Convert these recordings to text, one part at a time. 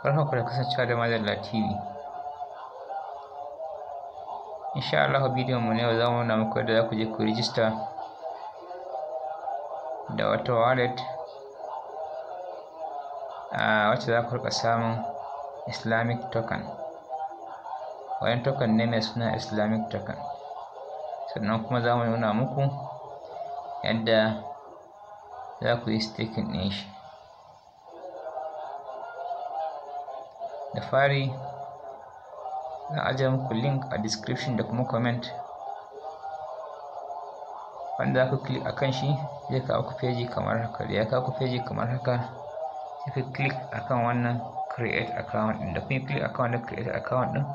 barkan ku da kasancewa da Madalla TV insha allahu bidiyon mu na yau zamu nuna muku yadda za ku je ku rijista da wata wallet a wacce za ku rika samun Islamic token wayan token ne mai suna Islamic token sannan kuma zamu nuna muku yadda za ku yi staking ɗin shi da fari na ajiye muku link a description da kuma comment wanda za ku click a kan shi zai kawo ku feji kamar haka da ya kawo ku feji kamar haka sai ku click kan wannan create account ɗin da kun click kan wannan create account ɗin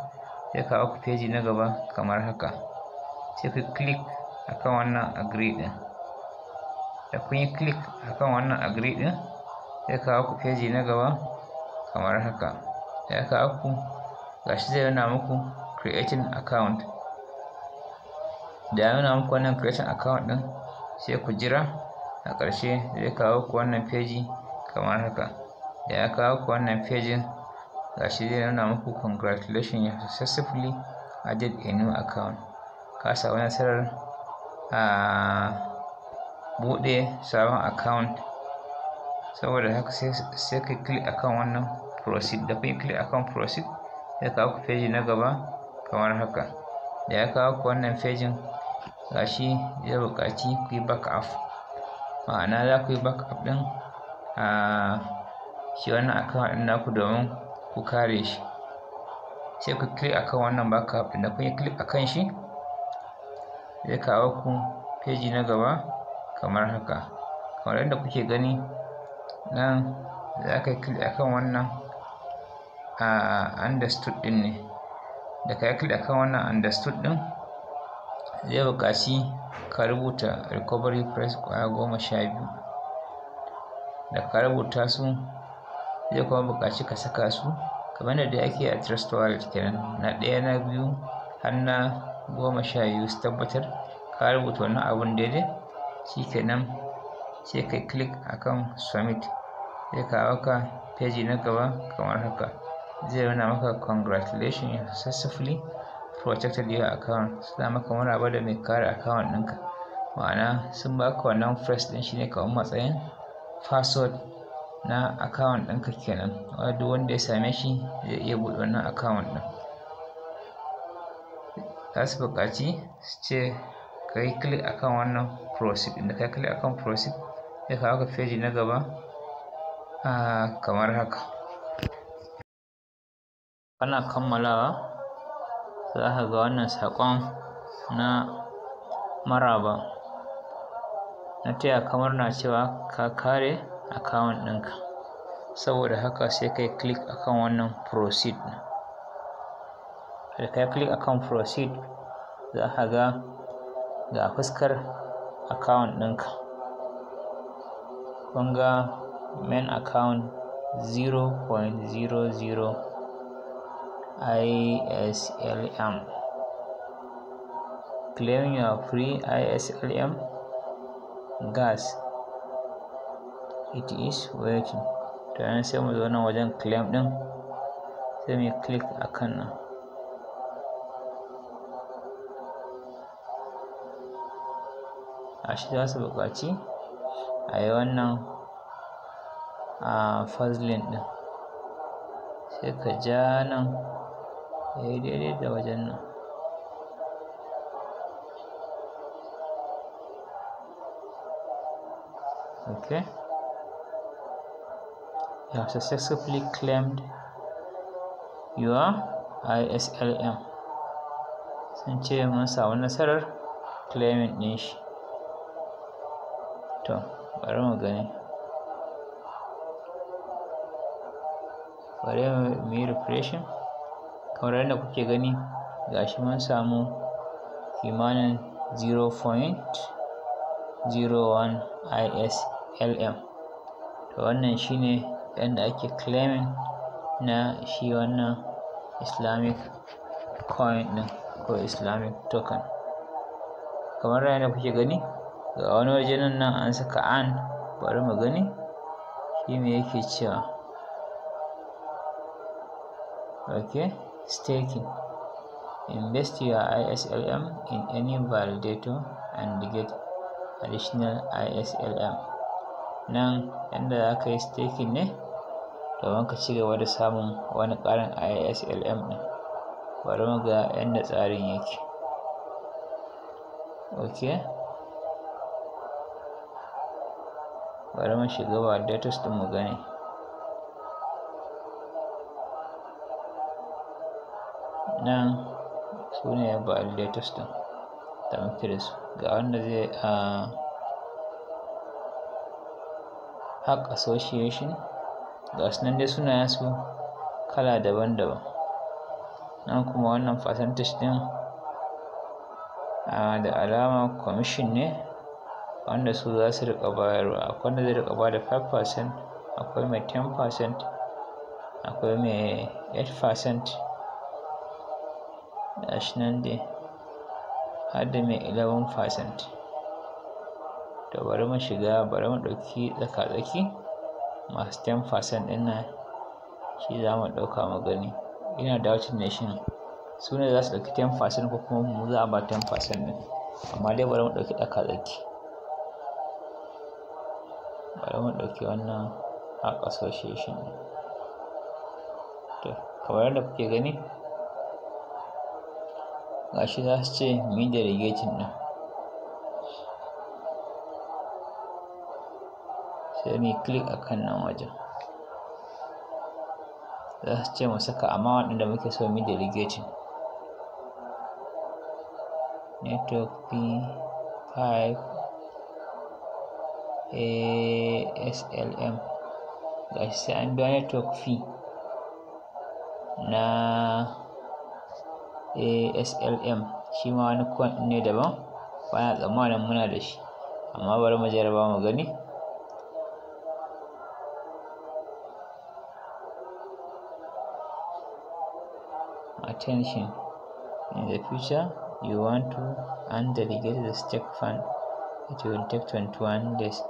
zai kawo ku feji na gaba kamar haka sai ku click kan wannan agree ɗin da kun yi click kan wannan agree ɗin zai kawo ku feji na gaba kamar haka ya aka aku gashi zai nuna muku creating account da ya nuna muku wannan creating account din sai ku jira a ƙarshe zai kawo ku wannan page kamar haka da ya kawo ku wannan page gashi zai nuna muku congratulations you successfully added a new account ka samu nasarar a buɗe sabon account saboda haka sai ka click akan wannan proceed da kun yi click akan proceed zai kawo ku page na gaba kamar haka da ya kawo ku wannan page gashi zai buƙaci ku yi up ma'ana za ku yi up ɗin a shi wannan account ɗin naku domin ku kare shi sai ku click akan wannan up din da kun yi click akan shi zai kawo ku page na gaba kamar haka kamar yadda kuke gani nan za ka yi click akan wannan understood ɗin ne da ka yi akan wannan understood ɗin zai bukaci ka rubuta recovery price kwaya goma sha biyu da ka rubuta su zai kuma bukaci ka saka su kamar yadda ake a trust wallet kenan na ɗaya na biyu har na goma sha biyu su tabbatar ka rubuta wannan abun daidai shi kenan sai kai click akan submit zai kawo ka peji na gaba kamar haka zai nuna maka congratulation you successfully protected your account suna maka maraba da mai kare account ɗinka ma'ana sun baka wannan first ɗin shine kamar matsayin password na account ɗinka kenan duk wanda ya same shi zai iya buɗe wannan account ɗin za su buƙaci su ce ka yi click akan wannan proceed inda ka yi click akan proceed ya kawo ka feji na gaba ah, kamar haka kana kammalawa za ka ga wannan saƙon na maraba na taya kamar na cewa ka kare akawun ɗinka saboda haka sai kai klik akan wannan proceed da kai click akan proceed za ka ga ga fuskar akawun ɗinka kun ga main account 0.00 ISLM. Claim your free ISLM gas. It is waiting. To yanzu sai mu zo nan wajen claim din sai mu click a kan nan. shi za su buƙaci a yi wannan a first ɗin sai ka ja nan. ya eh, yi daidai da wajen nan okay you have successfully claimed your ISLM sun ce mun samu nasarar claiming ɗin shi to bari mu gani bari mu yi refreshing kamar yadda kuke gani ga shi mun samu kimanin 0.01 ISLM to wannan shine yadda ake claiming na shi wannan islamic coin ɗin ko islamic token kamar yadda kuke gani ga wani waje nan nan an saka an bari mu gani shi me yake cewa ok. staking. Invest your ISLM in any validator and get additional ISLM. Nan yadda za ka yi staking ne domin ka ci gaba da samun wani ƙarin ISLM ɗin. Bari mu ga yadda tsarin yake. Okay. bari mu shiga validators ɗin mu gani. nan su ne validators din da muke da su ga wanda zai a hack association ga su nan dai sunayen su kala daban-daban nan kuma wannan percentage din da alama commission ne wanda su za su rika bayarwa akwai wanda zai rika ba da 5% akwai mai 10% akwai mai 8% gashi nan dai har da mai 11% to bari mu shiga bari mu ɗauki tsaka-tsaki masu 10% ɗin nan shi za mu ɗauka mu gani ina da wacin nation su ne za su ɗauki 10% ko kuma mu za a ba 10% ɗin amma dai bari mu ɗauki tsaka-tsaki bari mu ɗauki wannan a association to kamar yadda kuke gani gashi za su ce mu yi delegating ɗin sai mu click a kan nan wajen za su ce mu saka amma waɗanda muke so mi yi delegating network p5 ASLM gashi sai an biya network fee na ASLM shi ma wani coin ne daban ba na tsammanin muna da shi amma bari mu jaraba mu gani attention in the future you want to undelegate the stake fund it will take 21 days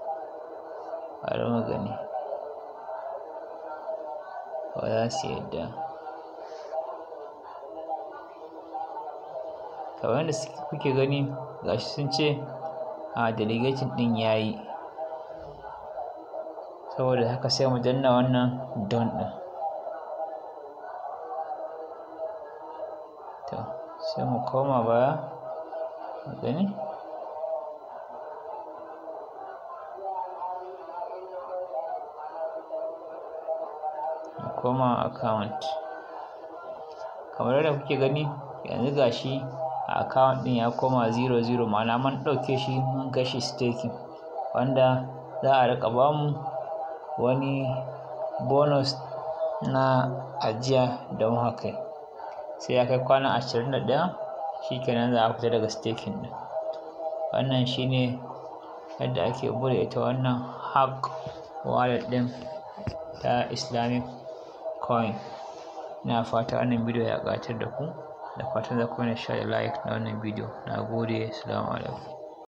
bari mu gani ba za su yadda kamar yadda kuke gani gashi sun ce a delegation din ya yi saboda haka sai mu danna wannan don ɗin to sai mu koma baya gani mu koma account kamar yadda kuke gani yanzu gashi account ɗin ya koma 00 ma'ana mun dauke shi mun kashi staking wanda za a rika bamu wani bonus na ajiya da mu haka sai ya kai kwana 21 shikenan za a fita daga staking ɗin wannan shine yadda ake buɗe ita wannan hack wallet ɗin ta islamic coin na fata wannan bidiyo ya gatar da ku da fatan za ku mana share like na wannan bidiyo na gode salamu alaikum